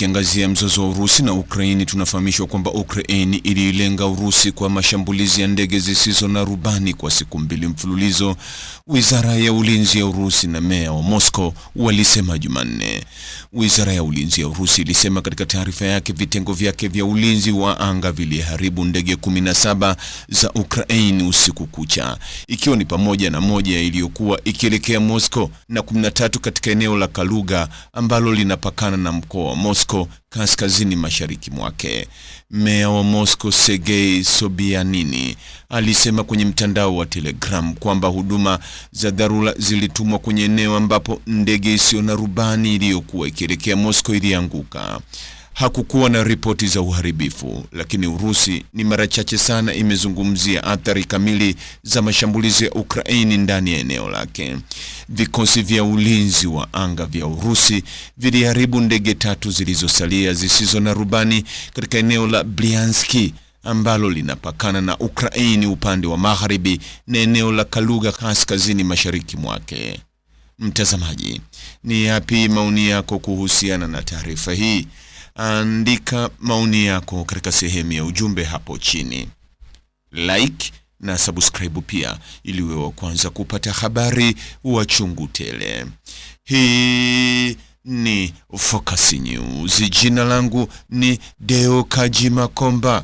Tukiangazia mzozo wa Urusi na Ukraini, tunafahamishwa kwamba Ukraini iliilenga Urusi kwa mashambulizi ya ndege zisizo na rubani kwa siku mbili mfululizo, Wizara ya Ulinzi ya Urusi na meya wa Moscow walisema Jumanne. Wizara ya Ulinzi ya Urusi ilisema katika taarifa yake vitengo vyake vya ulinzi wa anga viliharibu ndege 17 za Ukraini usiku kucha, ikiwa ni pamoja na moja iliyokuwa ikielekea Moscow na 13 katika eneo la Kaluga ambalo linapakana na mkoa wa Moscow Moscow kaskazini mashariki mwake. Meya wa Moscow Sergei Sobyanin alisema kwenye mtandao wa Telegram kwamba huduma za dharura zilitumwa kwenye eneo ambapo ndege isiyo na rubani iliyokuwa ikielekea Moscow ilianguka. Hakukuwa na ripoti za uharibifu, lakini Urusi ni mara chache sana imezungumzia athari kamili za mashambulizi ya Ukraini ndani ya eneo lake. Vikosi vya ulinzi wa anga vya Urusi viliharibu ndege tatu zilizosalia zisizo na rubani katika eneo la Bryanski ambalo linapakana na Ukraini upande wa magharibi na eneo la Kaluga kaskazini mashariki mwake. Mtazamaji, ni yapi maoni yako kuhusiana na taarifa hii? andika maoni yako katika sehemu ya ujumbe hapo chini. Like na subscribe pia ili wewe wa kwanza kupata habari wa chungu tele. Hii ni Focus News. Jina langu ni Deo Kaji Makomba.